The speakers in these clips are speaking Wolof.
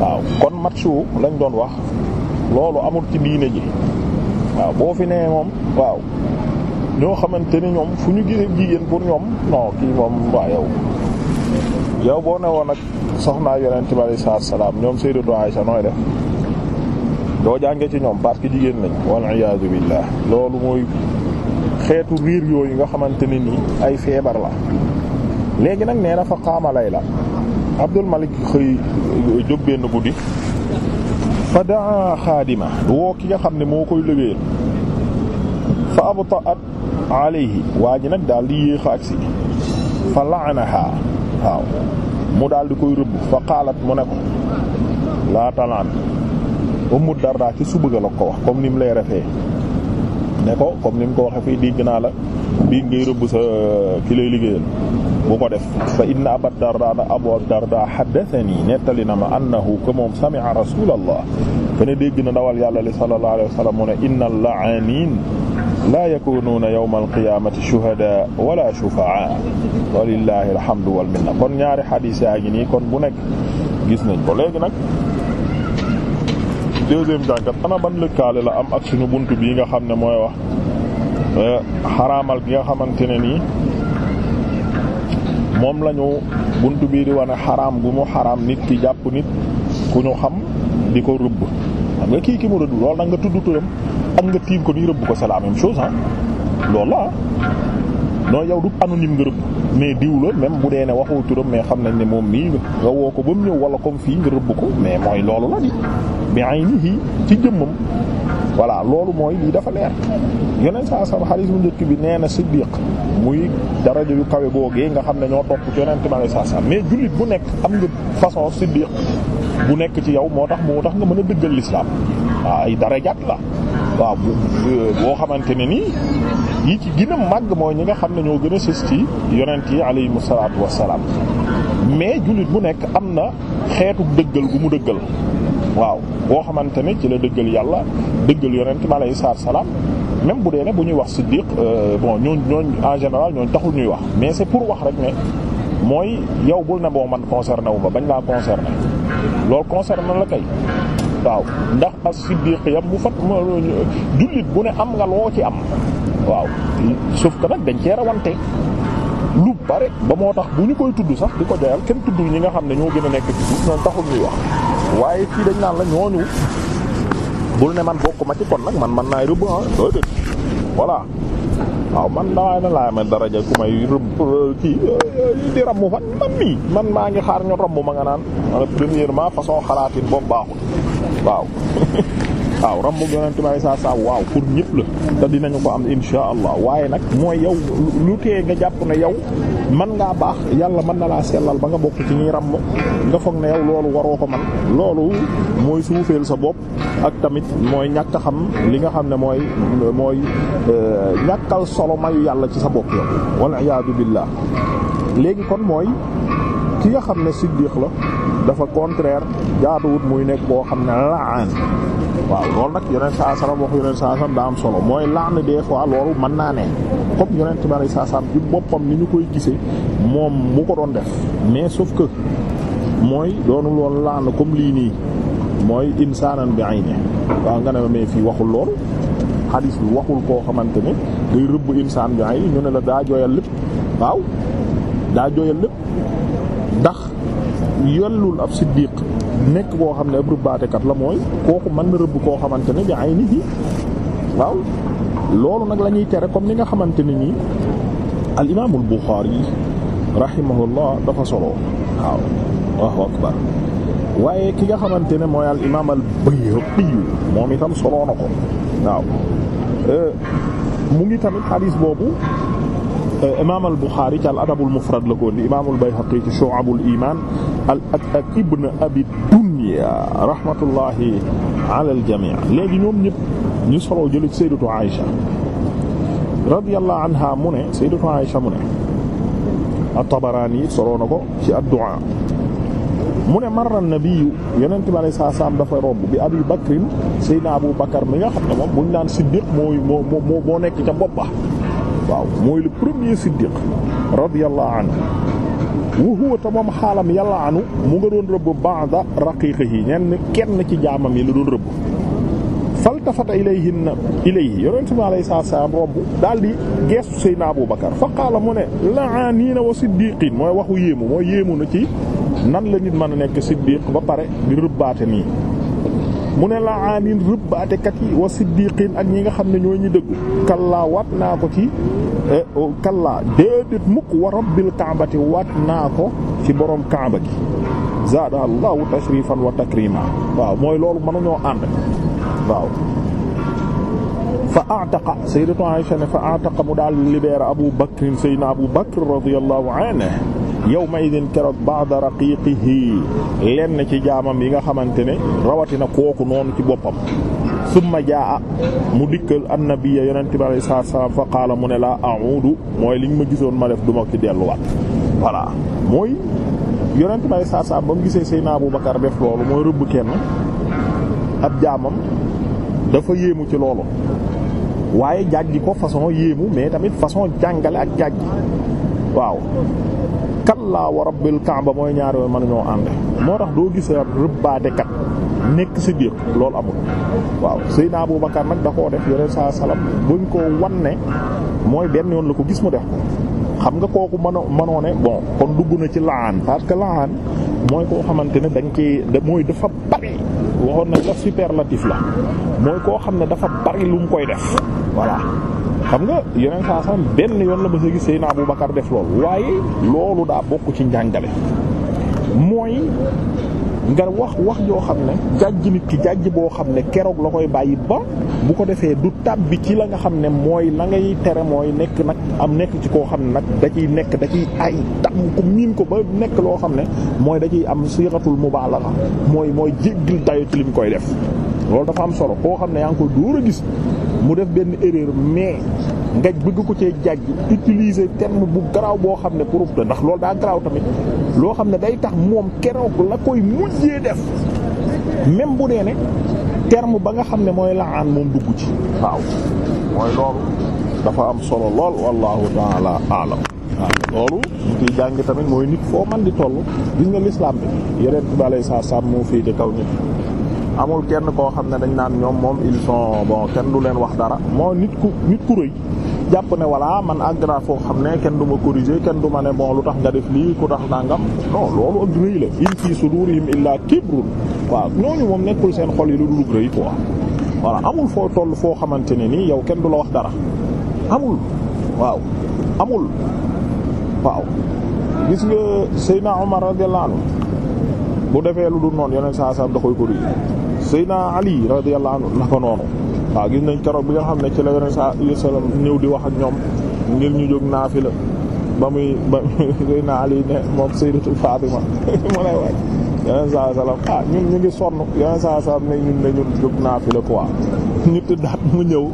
waaw kon matchu lañ doon wax loolu amul ci diine ji waaw boo fi nee moom waaw ñoo xamante ni ñoom fu ñu gisee jigéen pour ñoom non kii moom waa yow yow boo ne woon nag soxnaa yonent bi alayhi salaatu salaam ñoom Sayyidatu Aisha nooy de doo jàngee ci ñoom parce que jigéen lañ wal iyaadu billah loolu mooy xeetu riir yooyu nga xamante ne nii ay feebar la léegi nag nee na fa qaama Layla Abdul Malik xëy euh, jóg benn fa daa xaadima woo ki nga xam ne moo koy liggéeyal fa abta'at alayhi waa ji nag daal di yéex a agsi fa la'anaha waaw mu daal di koy rëbb fa qaalat mu ne ko laa talaan Ummu Darda ci suba ga la ko wax comme ni mu lay refee ne ko comme ni mu ko waxee fii dégg naa la bii ngay rëbb sa euh, ki lay liggéeyal bu ko def fa inna aba darda na abu darda haddathani nettali na ma annahu que moom sami'a rasulallah kene dégg na ndawal yàlla li sallallahu alayhi wa sallam mu ne innal la'anin la yakunuuna yawma alqiyamati shuhada wala shufa'a walillahi alhamdu wal minna kon ñaari xadiis yaa ngi nii kon bu nekk gis nañ ko léegi nag deuxième jàngat ana ban lëkkaale la am ak suñu bunt bii nga xam ne mooy wax eh, xaraamal bi nga xamante ne nii moom lañu ñu bunt bii di wane xaraam gu mu xaraam nit ki jàpp nit ku ñu xam di ko rëbb xam nga kii ki mu rëbb loolu nag nga tudd turam ak nga tiim ko ni rëbb ko c'est la même chose ah loolu la non yow du anonyme nga rëbb mais diw la même bu dee ne waxoo turam mais xam nañ ne moom mii nga woo ko ba mu ñëw wala comme fii nga rëbb ko mais mooy loolu la di bi aynihi ci jëmmam voilà loolu mooy lii dafa leer yeneen saa sam xadiis bu njëkk bi nee na siddiq muy daraja yu kawe googee nga xam ne ñoo topp ci yeneen timale mais jullit bu nekk am nga façon siddiq bu nekk ci yow moo tax moo tax nga mën a dëggal l'islam waaw ay la waaw xamante ne nii yi ci gën màgg mooy ñi nga xam ne ñoo gën a sës ci yonent yi alayhimu salaatu wassalaam mais jullit bu nekk am na xeetu dëggal gu mu dëggal waaw boo xamante ni ci la dëggal yàlla dëggal yonent mi alayhi salaatu salaam même bu dee ne bu ñuy wax siddiq euh, bon ñooñ ñooñ en général ñooñ taxul ñuy wax mais c'est pour wax rek ne mooy yow bul ne boo man concerné wu ma bañ laa concerné loolu concerné la kay waaw ndax as siddiq yam bu fat jullit bu ne am nga loo ci am waaw sauf que nag dañ cee rawante lu bare ba moo tax bu ñu koy tudd sax di ko joyal kenn tudd ñi nga xam ne ñoo gën a nekk ci suuf noonu ñuy wax waaye fii dañ naan la ñooñu bul ne man bokk ma ci kon nag man man naa rëbb ah déedéet voilà waaw man dawaay na laa ma daraja ku may rëbb euh, kii euh, di rammu fan man nii man maa ngi xaar ñu rammu ma nga naan man premièrement façon xalaatin boobu baaxul waaw waaw rammu yonente bi saa saa waaw pour ñëpp la te dinañu ko am insha allah waaye nag mooy yow lu tee nga jàpp ne yow man ngaa baax yàlla man na laa sellal ba nga bokk ci ñuy ramm nga foog ne yow loolu waroo ko man loolu mooy suufeel sa bopp ak tamit mooy ñàkk xam li nga xam ne mooy mooy euh, ñàkkal solo mayu yàlla ci sa bopp yow wal iyaadu billah léegi kon mooy ki nga xam ne siddiq la dafa contraire jaaduwut muy nekk koo xam ne laan waaw loolu nag yonent saa salaam waxu yonent saa salaam daa am solo mooy laana des fois loolu mën naa ne comme yonent bari saa salaam bi boppam ni ñu koy gisee moom mu ko doon def mais sauf que mooy doonu loolu laana comme lii nii mooy insaanan bi ayni waaw nga ne ma fii waxul loolu xadiis waxul koo xamante ne day rëbb insaan bi ayni ñu ne la daa jooyal lépp waaw daa jooyal lépp ndax yellul ab siddiq nekk koo xam ne ab rëbbaatekat la mooy kooku man na rëbb koo xamante ne bi ay loolu nag la ñuy tere comme ni nga xamante ne nii al imaamul Buxaari rahimahullah dafa solo waaw waaw akbar waaye ki nga xamante ne mooy al imaam al Bayhaqi moom itam solo na ko euh, mu ngi tamit xadiis boobu euh, imaam al Buxaari ci al adabul mufrad la ko indi imaamul Bayhaqi ci shu'abul iimaan al ak ak ibn abi dunya rahmatullahi ala al jami' ñoom ñëpp ñu soloo jële ci sayyidatu Aïsha radiyallahu anha mu ne sayyidatu Aïsha mu ne at-Tabarani soloo na ko ci ad-du'a mu ne marra nabiyu yonente bi alay saa salaam dafay romb bi abi bakrin seydina abu bakar mi nga xam ne moom buñ nekk ca bopp ba waaw mooy le premier siddiq radiyallahu anhu wa huwa te moom xaalam yàlla anu mu nga doon rëbb ba'da yi ñenn kenn ci jaamam yi la doon rëbb faltafata ilayhinna ilayhi yonent bi alayhi salaatu salaam romb daal di geestu Seydina Abu Bakar fa qaala mu ne la'aaniina wa siddiqiin mooy waxu yéemu mooy yéemu na ci nan la nit mën a nekk siddiq ba pare di rëbbaate nii mu ne la aaniin rëbbaatekat yi wa siddiqin ak ñi nga xam ne ñoo ñu dëggu kallaa waat naa ko ci eh, oh, kallaa déedéet mukk wa rabbil kaabati waat naa ko ci boroom kaaba gi zaada allahu tashrifan wa takrima waaw mooy loolu mënuñoo ànd waaw fa ataqa sayyidatu Aisha ne fa ataqa mu daal libérer Abu Bakr sayyidina Abu Bakr radiyallahu anhu yow ma yawma idin dara ba'da raqiqihi lenn ci jaamam yi nga xamante ne rawatina kooku noonu ci boppam summa jaa mu dikkal annabiyya yonent bi alayhi salaatu fa qaala ne laa a'uudu mooy liñ ma gisoon ma def du ma ci delluwaat voilà mooy yonent bi alayhi salaatu salaam ba mu gisee Seydina Abu Bakar def loolu mooy rëbb kenn ab jaamam dafa yéemu ci loolu waaye jàjji ko façon yéemu mais tamit façon jàngale ak jàjji waaw kallaa wa rabbil kaaba mooy ñaar yooyu mën ñoo ànd moo tax doo gis ab rëbbaadekat nekk si biir loolu amul waaw Seydina Abu Bakar nag da koo def yore saa salaam buñ ko wanne mooy benn yoon la ko gis mu def ko xam nga kooku mënoo mënoo ne bon kon dugg na ci laan parce que mooy koo xamante ne dañ ci mooy dafa bari waxoon nañ la superlatif la mooy koo xam ne dafa bari lu mu koy def voilà xam nga yeneen saa sax benn yoon la ma sa gis Seydina Abu Bakar def loolu waaye loolu daa bokk ci njàngale mooy nga wax wax joo xam ne jàjj nit ki jàjj boo xam ne keroog la koy bàyyi ba bu ko defee du tàbbi ci la nga xam ne mooy la ngay tere mooy nekk nag am nekk ci koo xam ne nag da ciy nekk da ciy ay tàmm ko miin ko ba nekk loo xam ne mooy da ciy am siratul mubaalaga mooy mooy jéggil dayo ci lim koy def loolu dafa am solo koo xam ne yaa ngi koy a gis mu def benn erreur mais nga bëgg ko cee jàjj utiliser terme bu garaaw boo xam ne pour ndax loolu daa garaaw tamit loo xam ne day tax moom keroog la koy mujjee def même bu dee ne terme ba nga xam ne mooy la'aan moom dugg ci waaw mooy loolu dafa am solo lool wallahu taala aalam waaw loolu ñu ciy jàngi tamit mooy nit foo man di toll gis nga l'islam bi yeneen bi alay saa saam moo féete kaw nit amul kenn koo xam ne dañ naan ñoom moom ils sont bon kenn du leen wax dara moo nit ku nit ku rëy jàpp ne voilà man àgg naa foo xam ne kenn du ma corriger kenn du ma ne bon lu tax nga def lii ku tax nangam non loolu ak rëy la in fii sudurihim illaa kibrun waaw ñooñu moom nekkul seen xol yi lu dul rëy quoi voilà amul foo toll foo xamante ne nii yow kenn du la wax dara amul waaw amul waaw gis nga Seydina Omar radiyallahu anhu bu defee lu dul noonu yeneen saa saa da Seydina Ali radiyallahu na naka noonu waaw gis nañ keroog bi nga xam ne ci la yoneen sa sallam ñëw di wax ak ñoom ngir ñu jóg naafila ba muy ba Seydina Ali ne moom Sayyidatu Fatima mu lay waaj yoneen sa sallam ah ñun ñu ngi sonn yoneen sa sallam ne ñun ne ñun jóg naafila quoi ñu tëddaat mu ñëw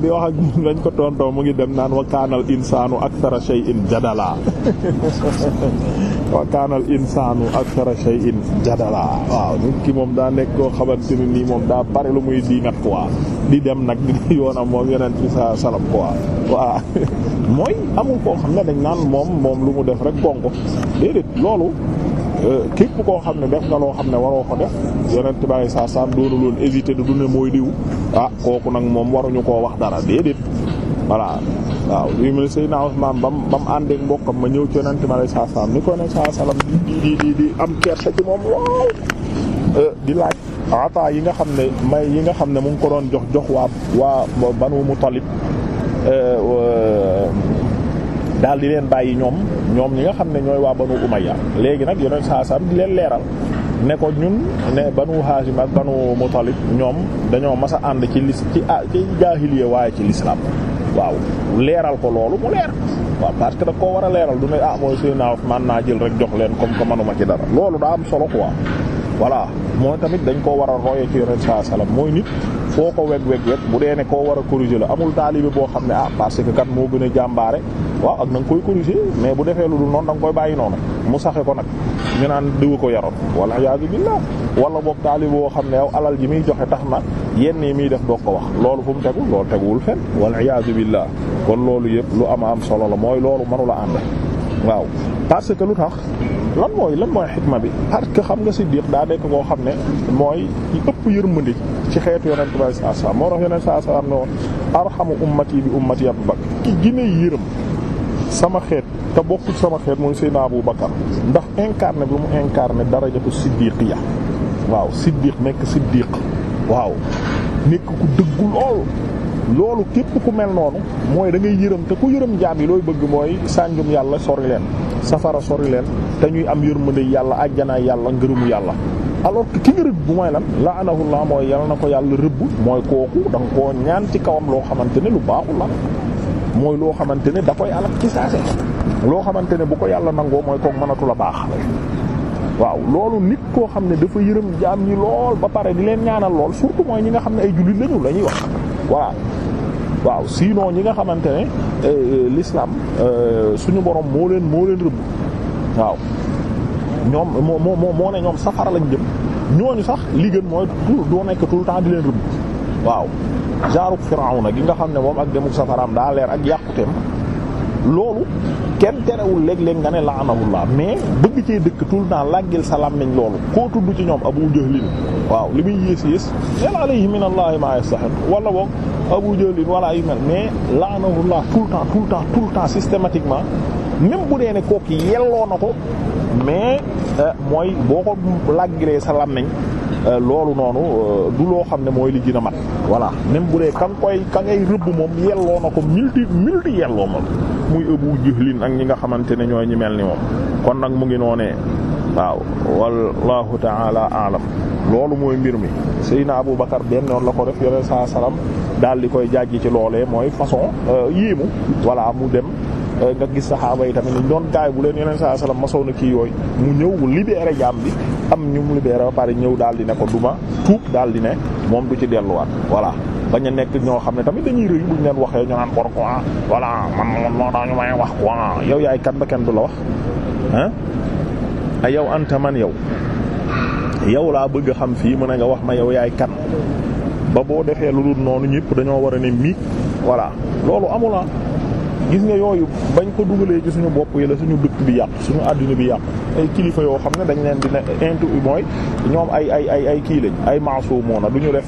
di wax ak ñun lañ ko tontoo mu ngi dem naan wa kaanal insaanu akthara shay'in jadala wa kaana al insaanu akthara shay'in jadala waaw moom daa nekk koo xamante ne moom daa bare lu muy di nag quoi di dem nag di yoonam moom yeneen ci sa salab quoi waaw mooy amul koo xam moom moom lu mu def rek gongo loolu euh, képp koo xam ne def nga loo xam ne waroo ko def yonent bàyyi saa saam doonu loon hésité du ne ah, kooku nag moom waruñu koo wax dara déedéet voilà waaw lii mu ne Seydina Usmaan ba mu ba àndeek mbokkam ma ñëw ci yonente ma lay saa salaam ni ko ne saa salaam di di di di am kersa ci moom waaw euh, di laaj ataa yi nga xam ne may yi nga xam ne mu ngi ko doon jox jox waa waa Banu Mutalib euh, daal di leen bàyyi ñoom ñoom ñi nga xam ne ñooy waa Banu Umayya léegi nag yonent saa di leen leeral ne ko ñun ne Banu Haashim ak Banu Mutalib ñoom dañoo mas a ànd ci lis ci ah ci jaahiliya waaye ci lislaam waaw leeral ko loolu mu leer waaw parce que da koo war a leeral du ne ah mooy Seydina Usmaan naa jël rek jox leen comme que manuma ci dara loolu daa am solo quoi voilà mooy tamit dañ koo war a roye ci yonent saa salaam mooy nit foo ko weg weg weg bu dee ne koo war a corriger la amul taalibe boo xam ne ah parce que kat moo gën a jàmbaare waaw ak na koy corriger mais bu defee lu dul noonu da koy bàyyi noonu mu saxe ko nag ñu naan ko yaroon walla yaa bi wala boog taalibe boo xam ne yow alal muy joxe tax na yenn yi muy def doo ko wax loolu fu mu tegu loolu teguwul fen wal iyaazu billah kon loolu yëpp lu am am solo la mooy loolu mënula ànd waaw parce que lu tax lan mooy lan mooy xikma bi parce que xam nga siddiq daa nekk koo xam ne mooy ci ëpp yërmandi ci xeetu yonent bi saa saa moo tax yonent saa saa am ne ummati bi ummati Abu Bakr ki gine yërëm sama xeet te bokkul sama xeet mooy Seydina Abu Bakar ndax incarné bi mu incarné darajatu siddiqiya waaw siddiq nekk siddiq waaw nekk ku dëggu loolu loolu képp ku mel noonu mooy da ngay yërëm te ku yërëm jaam yi looy bëgg mooy sànjum yàlla sori leen safara sori leen te ñuy am yërmande yàlla ajjanaay yàlla ngërëmu yàlla alors ki nga rëbb bu mooy lan la anahullah mooy yàlla na ko yàlla rëbb mooy kooku da nga koo ñaan ci kawam loo xamante ne lu baaxul la mooy loo xamante ni da koy alak ci saase loo xamante ne bu ko yàlla nangoo mooy kook mënatu la baax waaw loolu nit koo xam ne dafa yërëm jaam ñi lool ba pare di leen ñaanal lool surtout mooy ñi nga xam ne ay jullit lañu la ñuy wax voilà waaw sinon ñi nga xamante ne euh, l'islam euh, suñu borom moo leen moo leen rëbb waaw ñoom moo moo moo ne ñoom safara lañ jëm ñooñu sax li gën mooy tout doo nekk tout le di leen rëbb waaw jaaruk Firawna gi nga xam ne moom ak demuk safaraam daa leer ak yàquteem loolu kenn terewul léeg-léeg nga ne laanahullah mais bëgg cee dëkk tout le temps làggil sa làmmiñ loolu koo tudd ci ñoom Abu Jahlin waaw li muy yées yées yal alayhi min allahi ma yastahin wala boog Abu Jahlin wala yu mel mais laanahullah tout le temps tout le temps tout le temps systématiquement même bu dee ne kooku yelloo na ko mais euh, mooy boo ko làggilee sa làmmiñ euh, loolu noonu euh, du loo xam ne mooy li gën a mat voilà même bu dee ka koy ka rëbb moom yelloo na ko multi multi yelloo moom muy ëbu jihlin ak ñi nga xamante ne ñooy ñi mel ni moom kon nag mu ngi noonee waaw wallahu taala alam loolu mooy mbir mi Seydina Abu Bakar benn noonu la ko def yore saa salaam daal di koy jàjji ci loolee mooy façon euh, yéemu voilà mu dem euh, nga gis saxaaba yi tamit ñu doon gaay bu leen yeneen saa salaam masow na kii yooyu mu ñëw libéré jaam bi am ñu mu libéré ba pare ñëw daal di ne ko duma tuub daal di ne moom du ci delluwaat voilà bañ a nekk ñoo xam ne tamit dañuy rëy buñ waxee ñu naan bor quoi ah, voilà man man moo daañu may wax quoi yaay kan ba kenn du la wax ah a yow anta man yow yow laa bëgg xam fii mën a nga wax ma yow yaay kan ba boo defee lu dul noonu ñëpp dañoo war a ne mi voilà loolu amula ah. gis nga yooyu bañ ko dugalee ci suñu bopp yi la suñu dëkk bi yàq suñu àddina bi yàq ay kilifa yoo xam ne dañ leen di dina intu mooy ñoom ay ay ay ay kii lañ ay maasumoona du ñu def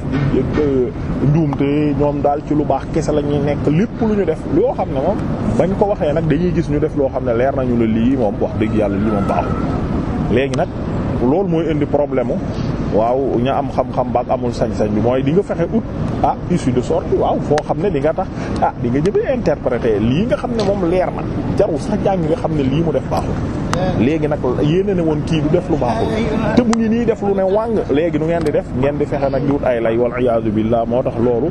njuumte ñoom daal ci lu baax kese la ñuy nekk lépp lu ñu def loo xam ne moom bañ ko waxee nag dañuy gis ñu def loo xam ne leer nañu la lii moom wax dëgg yàlla lii moom baaxul léegi nag loolu mooy indi problème waaw ñu am xam-xam baak amul sañ-sañ bi mooy di nga fexe ut ah issue de sorte waaw foo xam ne di nga tax ah di nga jëme interpreté lii nga xam ne moom leer na jarul sax jàng nga xam ne lii mu def baaxul léegi nag yéena ne woon kii du def lu baaxul te mu ngi nii def lu ne wàng léegi nu ngeen di def ngeen di fexe nag di wut ay lay wal iyaazu billaah moo tax loolu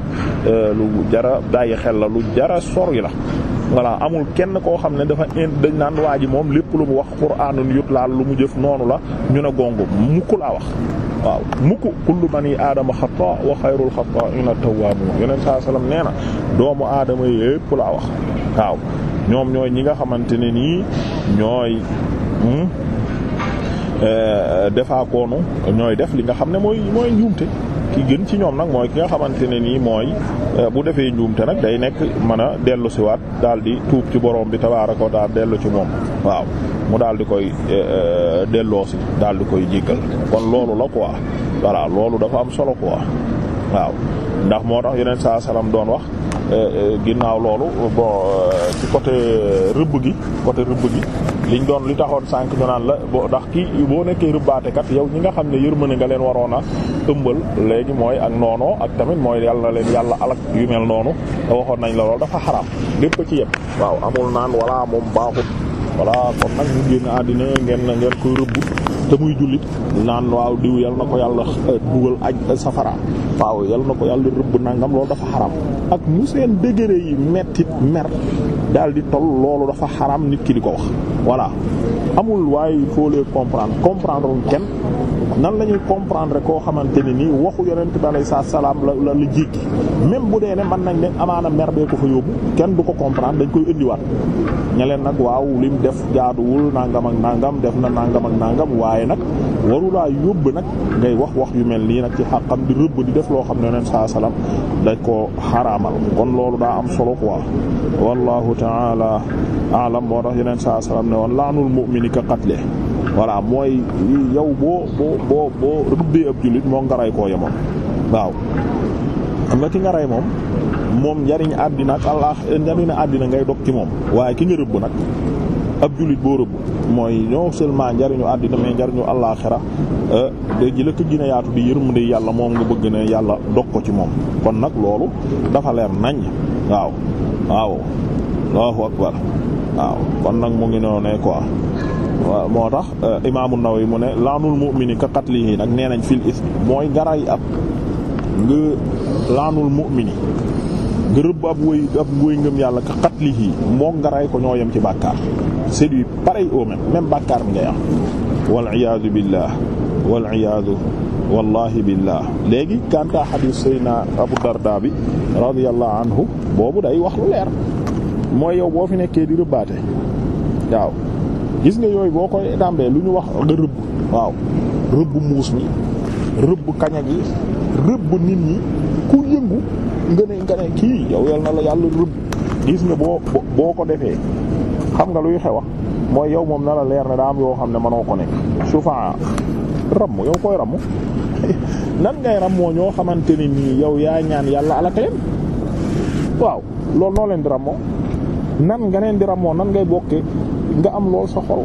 euh, lu jara bàyyi xel la lu jara sori la voilà amul kenn koo xam ne dafa in dañ naan waa ji moom lépp lu mu wax qur'aanun yutlaal lu mu jëf noonu la ñu ne gongu mukk xataa mukk kullu bani aadama xataa wa xayrul xataa'ina tawwaabuun yeneen saa salaam nee na doomu aadama yépp laa wax waaw ñoom ñooy ñi nga xamante ne nii ñooy hmm, eh, defaakoonu ñooy def li nga xam ne mooy mooy njuumte ki gën ci ñoom nag mooy ki nga xamante ne nii mooy euh, bu defee njuumte nag day nekk mën a dellu siwaat daal di tuub ci borom bi tabaaraka wa taala dellu ci moom waaw mu daal di koy euh, euh, delloo si daal di koy jéggal kon loolu la quoi voilà loolu dafa am solo quoi waaw ndax moo tax yeneen saa salaam doon wax ginnaaw loolu bon ci côté rëbb gi côté rëbb gi liñ doon li taxoon sànq ñu naan la boo ndax kii boo nekkee rëbbaatekat yow ñi nga xam ne yërmande nga leen waroon a ëmbal léegi mooy ak noonoo ak tamit mooy yàlla na leen yàlla alak yu mel noonu te waxoon nañ la lool dafa xaraam lépp ci yëpp waaw amul naan walla moom baaxut walla kon nag ñu génn àddina ngeen ngeen koy rëbb te muy jullit naan waaw diw yal na ko yàlla euh, dugal aj euh, safara waaw yal na ko yàlla rëbb nangam loolu dafa xaram ak mu seen degré yi mettit mer daal di toll loolu dafa xaram nit ki di ko wax voilà amul waaye il faut les comprendre comprendre kenn nan la ñuy comprendre koo xamante ne nii waxu yonent bi alayhi salaam la la la jéggi même bu dee ne man nañ ne amaana mer bee ko fa yóbbu kenn du ko comprendre dañ koy indiwaat ña nag waaw lim def jaaduwul nangam ak nangam def na nangam ak nangam waaye nag warulaa yóbbu nag ngay wax wax yu mel nii nag ci xàqam di rëbb di def loo xam ne yonent saa salaam dañ koo xaraamal kon loolu daa am solo quoi wallahu ta'ala a'lam moo tax yeneen saa salaam ne woon laanul mu'mini ka qatlihi voilà mooy yow boo boo boo boo rubbee ab jullit moo nga koo yemoon waaw xam nga ki nga moom moom njariñ àddina ak allah njariñ àddina ngay dog ci moom waaye ki nga rëbb nag ab jullit boo rëbb mooy non seulement njariñu àddina mais njariñu àllaaxira léegi euh, la ko gën yaatu di yërmande yàlla moom nga bëgg ne yàlla dog ko ci moom kon nag loolu dafa leer nañ waaw waaw allahu waaw kon nag mu ngi noonu ne waaw moo tax euh, imaamu Nawawi mu ne laanul mu'mini ka qatlihi nag nee nañ fil ismi mooy garay ab nga laanul mu'mini nga rëbb ab woy ab yàlla ka qatlihi moo garay ko ñoo yem ci bàkkaar c'est du pareil au même même bàkkaar bi ngay am wal iyaadu billah wal iyaadu wallahi billah léegi kanta hadith sayna Abu Darda bi radiyallahu anhu boobu day wax lu leer mooy yow boo fi nekkee di rëbbaate waaw gis nga yooyu boo koy dambee lu ñu wax nga rëbb waaw rëbb muus mi rëbb kaña gi rëbb nit ñi ku yëngu nga ne kii yow yal na la yàlla rëbb gis nga boo boo ko defee xam nga luy xewa mooy yow moom na la leer ne daa yoo xam ne mënoo ko nekk souvent ramm yow koy ramm nan ngay rammoo ñoo xamante ne nii yow yaa ñaan yàlla ala waaw loolu noo leen di rammoo nan nga leen di rammoo nan ngay bokke nga am lool sa xol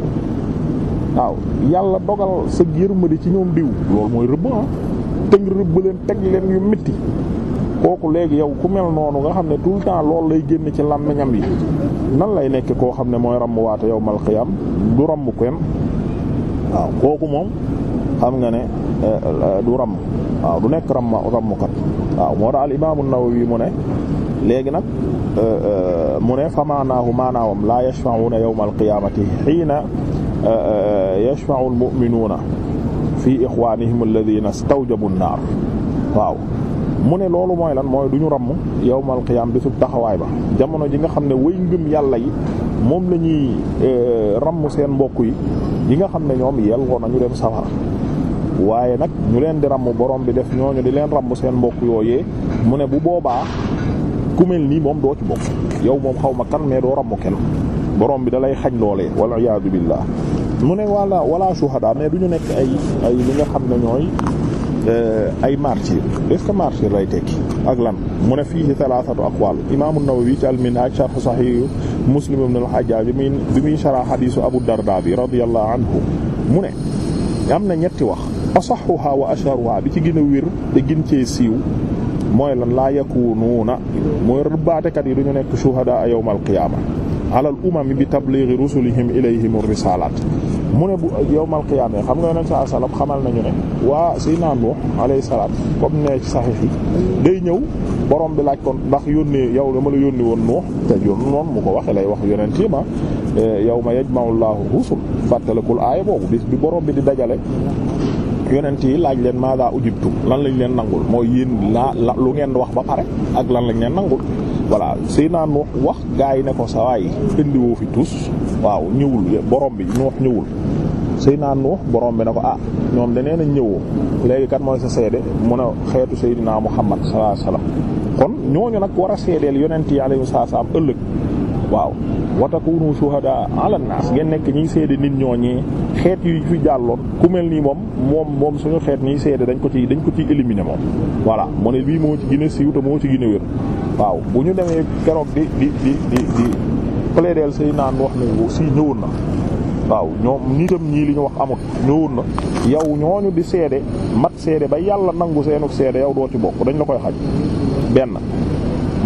waaw yàlla dogal sa yërmande ci ñoom diw loolu mooy rëbb ah tëng rëbb leen teg leen yu metti kooku léegi yow ku mel noonu nga xam ne tout le temps loolu lay génne ci làmmiñam yi nan lay nekk koo xam ne mooy ramm waate yow mal xiyam du ramm kenn waaw kooku moom xam nga ne eh, eh, du ramb waaw du nekk ramm rammukat waaw moo daal Imaam An-Nawawi mu ne léegi nag euh, euh, mu ne fa maanaahu maanaawam laa yashfa'una yawmal qiyaamati hiina euh, yashfa'ul mu'minuuna fii ixwaanihim alladhiina istawjabu an-naar waaw mu ne loolu mooy lan mooy du ñu ramm yawmal qiyaam bisub taxawaay ba jamono ji nga xam ne way ngëm yàlla yi moom la ñuy ramm seen mbokk yi yi nga xam ne ñoom yelloo nañu dem safara waaye nag ñu leen di ramm borom bi def ñooñu di leen ramm seen mbokk yooyee mu ne bu boobaa ku mel nii moom doo ci bokk yow moom xaw ma kan mais doo ràmmu kenn borom bi dalay lay xañ loolee wal iyaadu billaah mu ne wala wala shuhada mais du ñu nekk ay ay li nga xam ne ñooy euh, ay martyr est-ce que martyr lay tekki ak lan mu ne fii ci thalathatu aqwal imam an-Nawawi ci al-Minhaj sharh sahih Muslim ibn al-Hajjaj bi muy sharh hadisu Abu Darda bi mu ne am na ñetti wax asahhuha wa asharuha bi ci gën a wér te gën cee siiw mooy lan laa yakunuuna mooy rëbbaatekat yi duñu nekk shuhadaa yawmal qiyaama alal umami bi tabliighi rusulihim ilayhim risaalaat mu ne bu yawmal qiyaama xam nga yonent sa salaam xamal nañu ne waa Seydina Nuux alayhi salaam comme ne ci saxiix yi day ñëw borom bi laaj kon ndax yónnee yow ma la yónnee woon Nuux te yoon noonu mu ko waxee lay wax yonent yi ma eh, yawma yajma'u llaahu rusul fàttalikul aaya boobu bis bi borom bi di dajale. yonent yi laaj leen maada ujibtum lan lañ leen nangul mooy yéen la la lu ngeen wax ba pare ak lan lañ leen nangul voilà sëy Nuux wax gaa yi ne ko sa waay indiwoo fi tous waaw ñëwul borom bi Nuux ñëwul sëy naa Nuux borom bi na ko ah ñoom danee nañ ñëwoo léegi kat mooy sa seede mun a xeetu Seydina Muhammad sallallahu alayhi wasallam kon ñooñu nag war a seedeel yonent yi alayhi salaam ëllëg waaw wa takunu shuhada ala nas ngeen nekk ñiy seede nit ñooñee xeet yu fi jàlloon ku mel nii moom moom moom suñu xeet nii seede dañ ko ci dañ ko ciy éliminer moom voilà moo ne lii moo ci gën a siiw te moo ci gën a wér waaw bu ñu demee keroog di di di di di plaideel say naan wax ne si ñëwoon na waaw ñoom nitam ñii li ñu wax amut ñëwoon na yow ñooñu di seede mat seede ba yàlla nangu seenu seede yow doo ci bokk dañ la koy xaj benn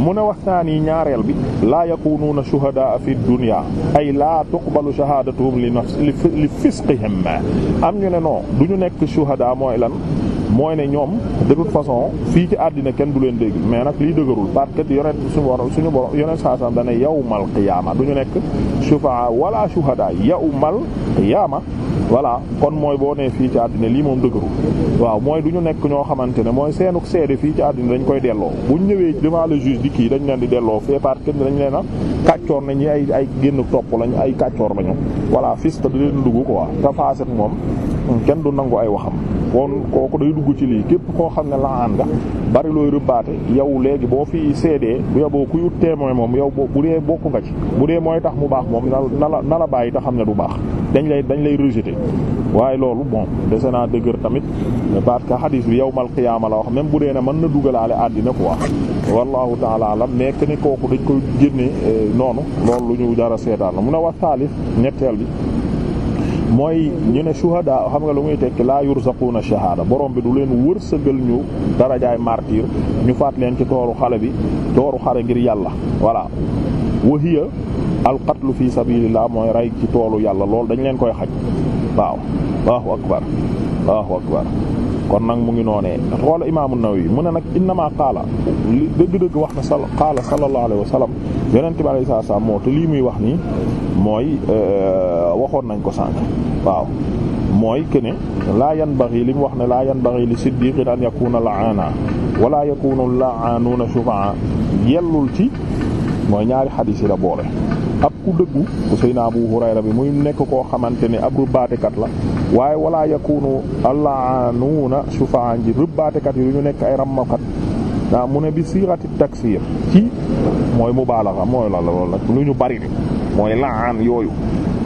mu ne waxtaan yi ñaareel bi laa yakunuuna shuhadaa fi dunya ay laa tuqbalu shahaadatuhum li nafs li fisqihim am ñu ne non du ñu nekk shuhadaa mooy lan mooy ne ñoom de toute façon fii ci àddina kenn du leen dégg mais nag lii dëgërul parce que yonent suñu borom suñu borom yonent saa saam dana yawmal qiyaama du ñu nekk shufaa wala shuhada yawmal qiyaama voilà kon mooy boo nee fii ci àddina lii moom dëgërul waaw mooy du ñu nekk ñoo xamante ne mooy seenuk seede fii ci àddina dañ koy delloo bu ñu ñëwee devant le juge di kii dañ leen di delloo fee parce que dañ leen a kàccoor nañ ay ay génn topp lañ ay kàccoor lañu voilà fista da leen dugg quoi te faase moom kenn du nangu ay waxam kon kooku day dugg ci lii képp koo xam ne laaan nga bari looy rëbbaate yow léegi boo fi seedee bu yoboo kuy ut témoin moom yow bu dee bokk nga ci bu dee mooy tax mu baax moom na la na bàyyi te xam ne du baax dañ lay dañ lay rejeter waaye loolu bon dese naa dëgër tamit parce que hadis bi yawmal qiyaama la wax même bu dee ne mën na dugalaale àddina quoi wallahu taala alam mais que ni kooku dañ koy génne euh, noonu loolu lu ñu dara seetaan la mun a wax taalif ñetteel bi mooy ñu ne shuhada xam nga lu muy tekki laa yurzaquna shahada borom bi du leen wërsëgal ñu darajaay martyr ñu faat leen ci tooru xale bi tooru xare ngir yàlla voilà wa hiya al qatlu fi sabilillah mooy rey ci toolu yàlla loolu dañ leen koy xaj waaw Allahu akbar Allahu akbar kon nag mu ngi noonee xoola imaamu Nawawi mu ne nag innama qaala li dëgg-dëgg wax na sa qaala sallallahu alayhi wa sallam yonent bi alayhi salaam moo te lii muy wax nii mooy euh, waxoon nañ ko sànq waaw mooy que ne laa yanbaghi li mu wax ne laa yanbaghi li siddiqin an yakuna la'ana wala yakunu la'anuna shufa'a yellul ci mooy ñaari xadiis yi la boole ab ku dëggu bu Abu Hurayra bi muy nekk koo xamante ni ab rubaatekat la waaye walaa yakunu allaanuuna shufa'an ji rëbbaatekat yi du ñu nekk ay rammakat waaw mu ne bi siirati taksiir ci mooy mubaalaxa mooy la loolu la lu ñu bari ni mooy la'an yooyu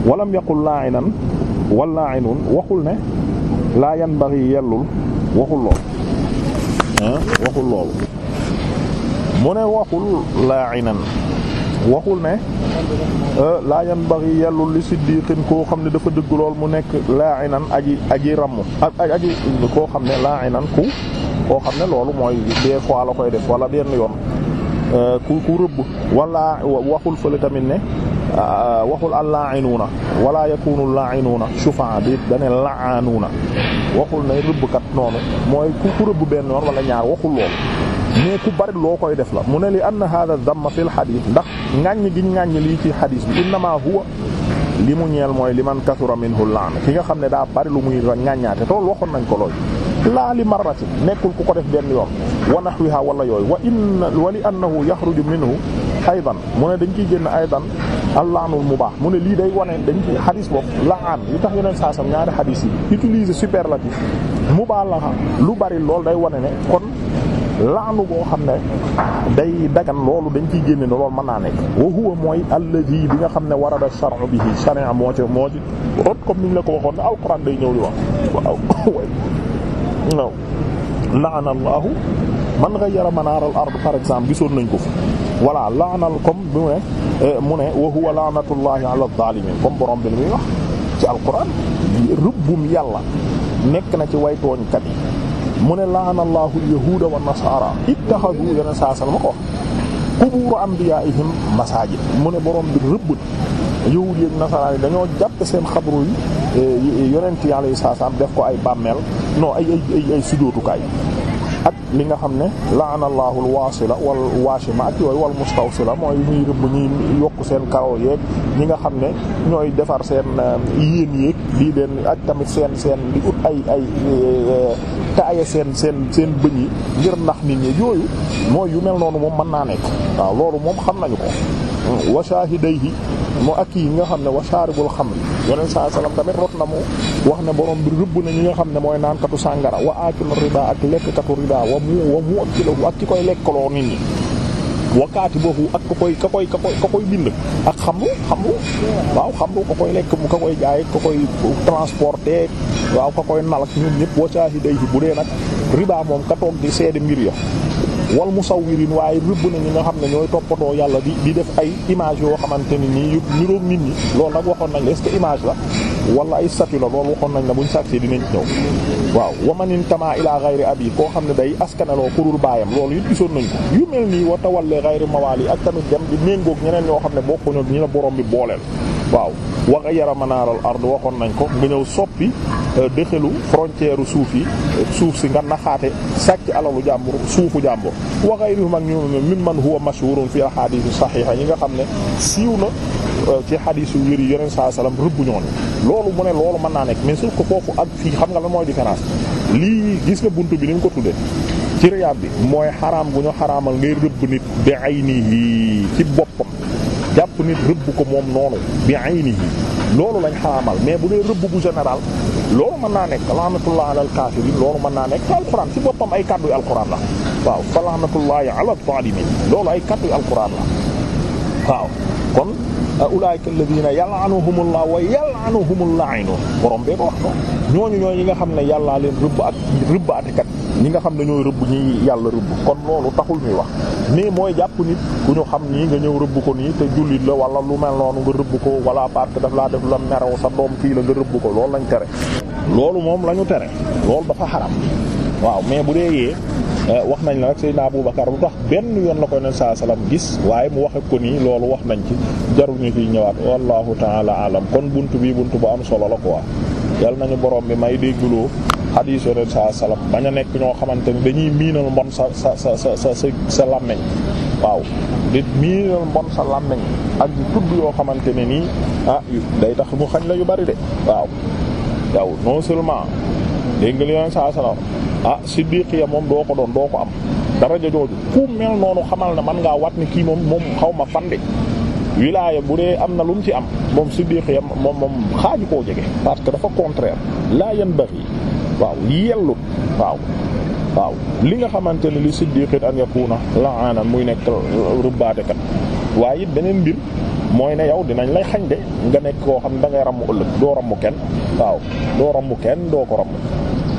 walam yaqul la'inan wal la'inun waxul ne laa yanbaghi yellul waxul lool waxul loolu mu ne waxul la'inan waxul ne euh, laa yanbaghi yellul li siddiqin koo xam ne dafa dëgg lool mu nekk la'inan aji aji ramm aji koo xam ne la'inan ku koo xam ne loolu mooy des fois koy def wala benn yoon euh, ku ku wala waxul fële tamit ne euh, waxul al la'inuuna wala yakunu la'inuuna shufa'a bi dane la'anuuna waxul ne rëbbkat noonu mooy ku ku rëbb benn yoon wala ñaar waxul loolu mais ku bari loo koy def la mu ne li anna hadha damma fil xadiis ndax ŋàññ gi ŋàññ lii ci xadiis bi innama huwa li mu ñeel mooy li man kasura minhu laan ki nga xam ne daa bari lu muy ŋàññaate tool waxoon nañ ko lool laa li marrati nekkul ku ko def benn yoon wa nahwiha wala yooyu wa in wa li annahu yaxruju minhu aydan mu ne dañ ciy génn aydan allaanul mubaax mu baax mu ne lii day wane dañ ci xadis boobu laan li tax yeneen saasam ñaari xadis yi utiliser superlatif mubaax la lu bari lool day wane ne kon laanu boo xam ne day dagan loolu dañ ciy génne ne loolu mën naa nekk wa huwa mooy allazi bi nga xam ne warada shar'u bihi sharia moo ci moo ci rot comme ni ñu la ko waxoon ne alquran day ñëw di wax waaw waaw la'ana allahu man ghayyara manaar al ard par exemple gisoon nañ ko fi voilà laanal comme bi mu ne eh, mu ne wa huwa laanatullahi ala zalimin comme borom bi li muy wax ci alquran rëbbum yàlla nekk na ci way tooñkat yi mu ne laana allahu alyahuuda wa nasaara ittaxadu yeneen saa salama ko qubuuru masaa masaajid mu ne borom bi rëbb yahuud yi ak nasaraan yi dañoo jàpp seen xabru eh, yi yonent yi alayhi salaam def ko ay bàmmeel non ay ay ay sujootukaay ak li nga xam ne laana allahu alwaasila wal waashima ak yooyu wal mustawsila mooy ñuy rëbb ñuy yokk seen karaw yeeg ñi nga xam ne ñooy defar seen euh, yéen yéeg lii leen ak tamit seen seen di ut ay ay euh, taaye seen seen seen bëñ yi ngir ndax nit ñi yooyu mooy yu mel noonu moom mën naa nekk waaw loolu moom xam nañu ko wa shaahidayhi moo ak yi nga xam ne wa shaaribul xamri yonent saa salaam tamit rot na mu wax ne borom bi rëbb na ñi nga xam ne mooy naankatu sàngara wa akilu riba ak lekkatu riba wa wa mu akilahu ak koy lekkaloo nit ñi wakkaati boobu ak ka koy ka ka koy ka koy bind ak xam xamru waaw xamru ka koy lekk ka koy jaay ka koy transporter waaw ka koy nal ak ñun ñëpp wa shahidayhi bu dee nag riba moom ka toog di seede mbir ya wal musawwirin waaye rëbb na ñi nga xam ne ñooy toppatoo yàlla di di def ay image yoo xamante ni nii yu nit ñi lool nag waxoon nañ la est image la wala ay statue la loolu waxoon nañ la buñ sàgsee dinañ ñëw waaw wamanin tama ila ghayri abi koo xam ne day askanaloo kurul baayam loolu it gisoon nañ ko yu mel nii wa tawalle ghayri mawali ak tamit dem di méngoog ñeneen ñoo xam ne bokkuñu ñi la borom bi booleel waaw waxa yara manaaral ardu waxoon nañ ko nga ñëw soppi euh, dëxelu frontière suuf yi suuf si nga naxaate sàcc alalu jàmbur suufu jàmbur wa ghayrihim ak ñoom min man huwa mashhurun fi ahadith sahiha yi nga xam ne siiw na euh, ci hadith yu wér saa salaam rëbb ñoon loolu mu ne loolu mën naa nekk mais sauf que foofu ak fii xam nga la mooy différence lii gis nga bunt bi ni mu ko tuddee ci riyaab bi mooy xaraam bu ñu xaraamal ngay rëbb nit bi ay nii ci boppam jàpp nit rëbb ko moom noonu bi aynihi loolu lañ xaraamal mais bu dee rëbb bu général loolu mën naa nekk laanatullah ala alkaafiriin loolu mën naa nekk te alquran ci boppam ay kàddu yu alquran la waaw fa laanatullahi ala zaalimiin loolu ay kàddu yu alquran la waaw kon ulaa'ika alladhiina yal'anuhumullah wa yal'anuhumul laa'inuun borom bee ko wax ko ñooñu ñooy ñi nga xam ne yàllaa leen rëbb ak rëbbaatekat ñi nga xam ne ñooy rëbb ñi yàlla rëbb kon loolu taxul ñuy wax mais mooy jàpp nit ku ñu xam nii nga ñëw rëbb ko nii te jullit la wala lu mel noonu nga rëbb ko wala parce que daf laa def la merew sa doom fii la nga rëbb ko loolu lañ tere loolu moom lañu tere loolu dafa xaram waaw mais bu dee yee Eh, wax nañ la nag Seydina Aboubacar lu tax benn yoon la ko yoneen saa gis waaye mu waxe ko nii loolu wax nañ ci jarul ñu ciy ñëwaat wallahu taala alam kon bunt bii bunt bu am solo la ko quoi yal nañu borom bi may dégguloo xadiis yoneen saa salaam bañ a nekk ñoo xamante ni ñuy miinal mbon sa sa sa sa sa sa làmmeñ waaw di miinal mbon sa làmmeñ ak di tudd yoo xamante ne nii ah day tax mu xañ la yu bari de waaw waaw non seulement dégg ah siddiq ya moom doo ko doon doo ko am daraja jooju ku mel noonu xamal na man ngaa wat ni kii moom moom xaw ma fande wilaaya bu dee am na lu mu ci am moom siddiq ya moom moom xaaju koo jege parce que dafa contraire laa yan bari waaw yellut waaw waaw li nga xamante ne li siddiqit an yakuna la'ana muy nekk rëbbaatekat waaye it beneen mbir mooy ne yow dinañ lay xañ de nga nekk koo xam da ngay ramm ëllëg doo ramm kenn waaw doo ramm kenn doo ko ramm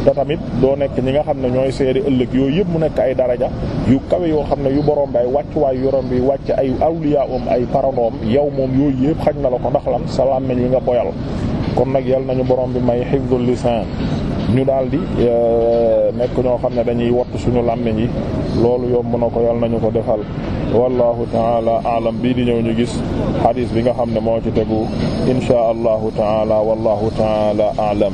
te tamit doo nekk ñi nga xam ne ñooy seede ëllëg yooyu yëpp mu nekk ay daraja yu kawe yoo xam ne yu borom bi ay wàccuwaay yorom bi wàcc ay awliya om ay parandoom yow moom yooyu yëpp xaj na la ko ndax lan sa làmmiñ wi nga boyal kon nag yal nañu borom bi may hifdul lisan ñu daal di euh, nekk ñoo xam ne dañuy wattu suñu làmmiñ yi loolu yomb na ko yal nañu ko defal wallahu taala aalam bii di ñëw ñu gis hadis bi nga xam ne moo ci tegu inshaa allahu taala wallahu taala aalam